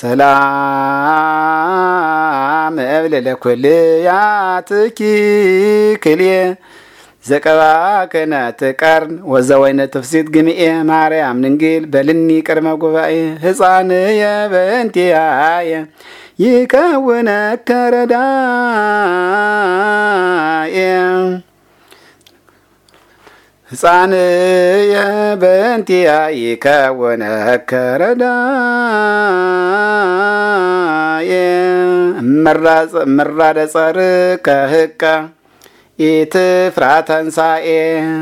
ሰላም እብልለ ኩልያትኪ ክልኤ ዘቀባከነ ትቀርን ወዘወይነ ትፍሲት ግሚኤ ማርያም ንንግል በልኒ ቅድመ ጉባኤ ህፃንየ በእንቲአየ ይከውነ ከረዳ ሕፃንየ በእንቲአይከ ወነከረዳየ እምራ ደጸር ከህቀ ኢትፍራ ተንሳኤ